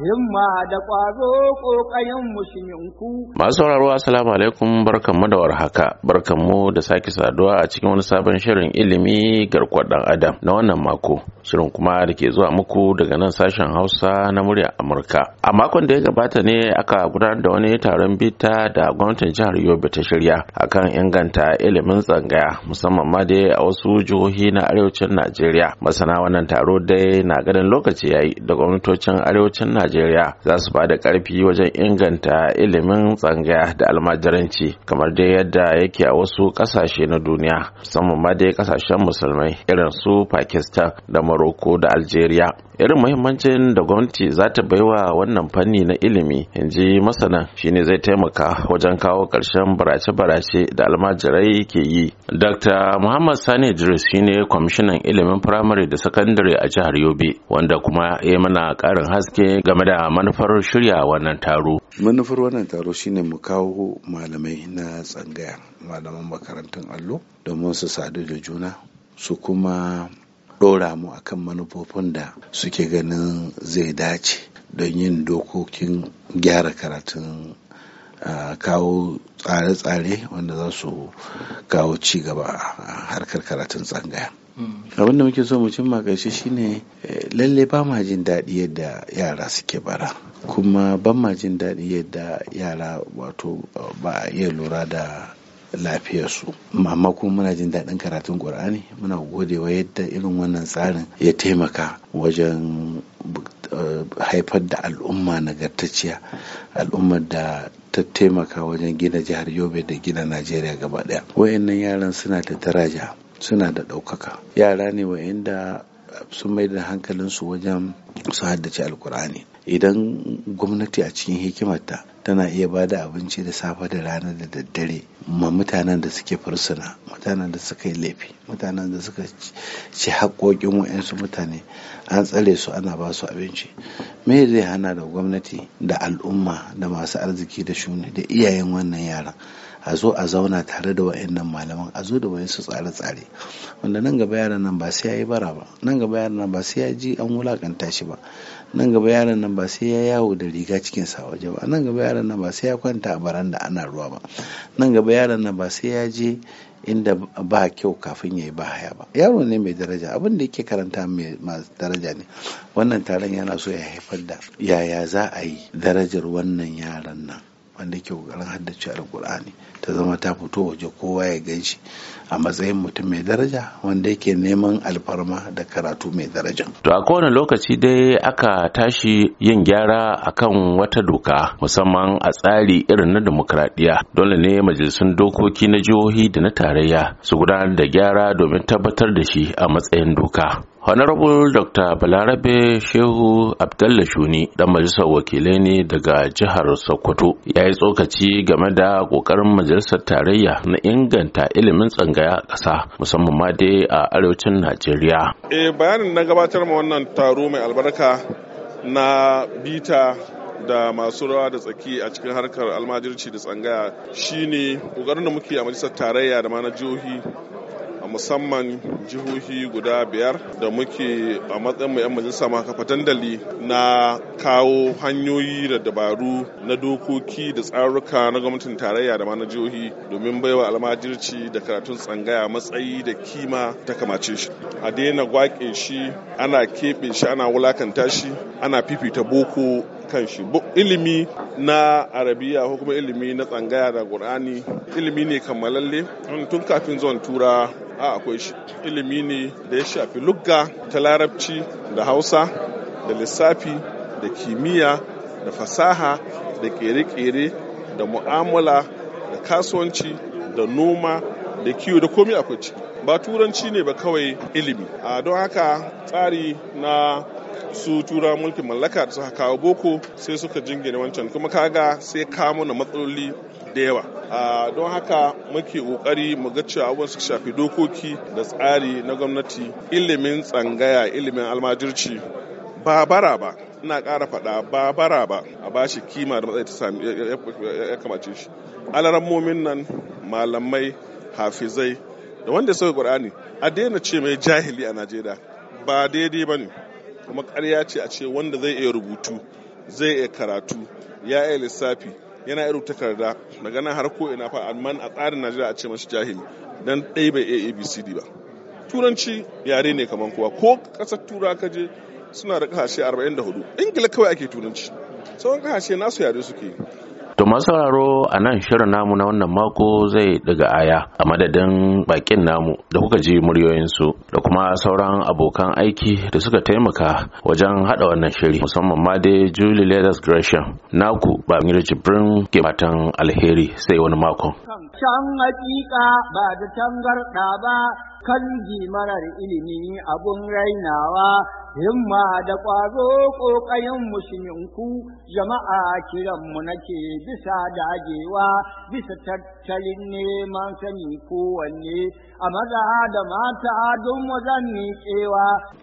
himma da ƙwazo ƙoƙayen musulminku. Masu sauraro assalamu alaikum barkanmu da warhaka barkanmu da sake saduwa a cikin wani sabon shirin ilimi garkuwar ɗan adam na wannan mako shirin kuma da ke zuwa muku daga nan sashen Hausa na murya Amurka. A makon da ya gabata ne aka gudanar da wani taron bita da gwamnatin jihar Yobe ta shirya akan inganta ilimin tsangaya musamman ma dai a wasu jihohi na arewacin Najeriya. Masana wannan taro dai na ganin lokaci yayi da gwamnatocin arewacin najeriya za su bada karfi wajen inganta ilimin tsangaya da almajiranci kamar dai yadda yake a wasu kasashe na duniya musamman ma dai kasashen musulmai irin su pakistan da morocco da algeria irin muhimmancin da gwamnati za ta baiwa wannan fanni na ilimi in ji masana shine zai taimaka wajen kawo ƙarshen barace-barace da almajirai ke yi dr muhammad sani idris shine kwamishinan ilimin firamare da sakandare a jihar yobe wanda kuma ya mana ƙarin haske ga game da manufar shirya wannan taro. Manufar wannan taro shine mu kawo malamai na tsangaya malaman makarantun allo domin su sadu da juna su kuma ɗora mu akan manufofin da suke ganin zai dace don yin dokokin gyara karatun kawo tsare-tsare wanda za su kawo ci gaba a harkar karatun tsangaya hmm. abin da muke so mu cimma ƙarshe shine eh, lalle ba ma jin daɗi yadda yara suke bara kuma ban ma jin daɗi yadda yara wato eh, ba iya lura da lafiyarsu amma kuma muna jin daɗin karatun ƙur'ani muna godewa yadda irin wannan tsarin ya taimaka wajen haifar da al'umma nagartacciya al'ummar da ta taimaka wajen gina jihar yobe da gina najeriya gaba daya wayannan yaran suna da daraja suna da ɗaukaka yara ne wayanda sun mai da hankalinsu wajen su haddace alkur'ani idan gwamnati a cikin hikimarta tana iya ba da abinci da safe da rana da daddare ma mutanen da suke fursuna mutanen da suka yi laifi mutanen da suka ci haƙoƙin wa'yansu mutane an tsare su ana ba su abinci me zai hana da gwamnati da al'umma da masu arziki da shuni da iyayen wannan yaran a zo a zauna tare da wa'annan malaman a zo da wayansu tsare-tsare wanda nan gaba yaran nan ba sai ya yi bara ba nan gaba yaran nan ba sai ya ji an wulakanta shi ba nan gaba yaran nan ba sai ya yawo da riga cikin sa waje ba nan gaba yaran nan ba sai ya kwanta a baranda ana ruwa ba nan gaba yaran nan ba sai ya je inda ba kyau kafin ya yi ba haya ba yaro ne mai daraja abin da yake karanta mai daraja ne wannan taron yana so ya haifar da yaya za a yi darajar wannan yaran nan wanda ke kokarin haddace alkur'ani ta zama ta fito waje kowa ya gan shi a matsayin mutum mai daraja wanda yake neman alfarma da karatu mai daraja. To a kowane lokaci dai aka tashi yin gyara akan wata doka musamman a tsari irin na demokradiyya dole ne majalisun dokoki na jihohi da na tarayya su gudanar da gyara domin tabbatar da shi a matsayin doka. Honorable Dr. Balarabe Shehu Abdallah Shuni dan majalisar wakilai ne daga jihar Sokoto ya yi tsokaci game da kokarin majalisar tarayya na inganta ilimin tsangaya ƙasa musamman ma dai a arewacin Najeriya. Eh bayanin na gabatar ma wannan taro mai albarka na bita da masu rawa da tsaki a cikin harkar almajirci da tsangaya shine kokarin da muke a majalisar tarayya da ma musamman jihohi guda biyar da muke a matsayin 'yan majalisa ma kafa dandali na kawo hanyoyi da dabaru na dokoki da tsaruka na gwamnatin tarayya da ma na jihohi domin baiwa almajirci da karatun tsangaya matsayi da kima ta kamace shi a daina gwaƙe shi ana keɓe shi ana wulakanta shi ana fifita boko kan shi ilimi na arabiya ko kuma ilimi na tsangaya da gur'ani, ilimi ne kammalalle tun kafin zuwan tura a akwai shi ilimi ne da ya shafi lugga ta larabci da hausa da lissafi da kimiyya da fasaha da kere-kere da mu'amala da kasuwanci da noma da kiwo da komai akwai ciki ba turanci ne ba kawai ilimi a don haka tsari na su tura mulkin mallaka da suka kawo boko sai suka jingine wancan kuma kaga sai kawo na matsaloli da yawa don haka muke kokari mu ga cewa abubuwan su shafi dokoki da tsari na gwamnati ilimin tsangaya ilimin almajirci ba bara ba ina ƙara faɗa ba bara ba a bashi kima da matsayi ta sami ya kamace shi momin nan malamai hafizai da wanda sauya ƙur'ani a daina ce mai jahili a najeriya ba daidai ba ne kuma ƙarya ce a ce wanda zai iya rubutu zai iya karatu ya iya lissafi yana irin takarda daga nan har ko ina fa amma a tsarin najeriya a ce mashi jahili dan ɗaya bai iya abcd ba turanci yare ne kamar kowa ko ƙasar tura ka je suna da ƙasashe 44 ingila kawai ake turanci sauran ƙasashe nasu yare suke To masu sauraro a nan shirin namu na wannan mako zai daga aya a madadin bakin namu da kuka ji muryoyinsu da kuma sauran abokan aiki da suka taimaka wajen hada wannan shiri musamman ma dai Julie Leathers Gresham naku ba jibrin ke matan alheri sai wani makon. Can hakika ba da tangarda ba kanji marar ilimi abun rainawa himma da ƙwazo ƙoƙayen musulunku, jama'a kiranmu nake bisa dagewa bisa tattalin neman sani kowanne a maza da mata don mu zan miƙewa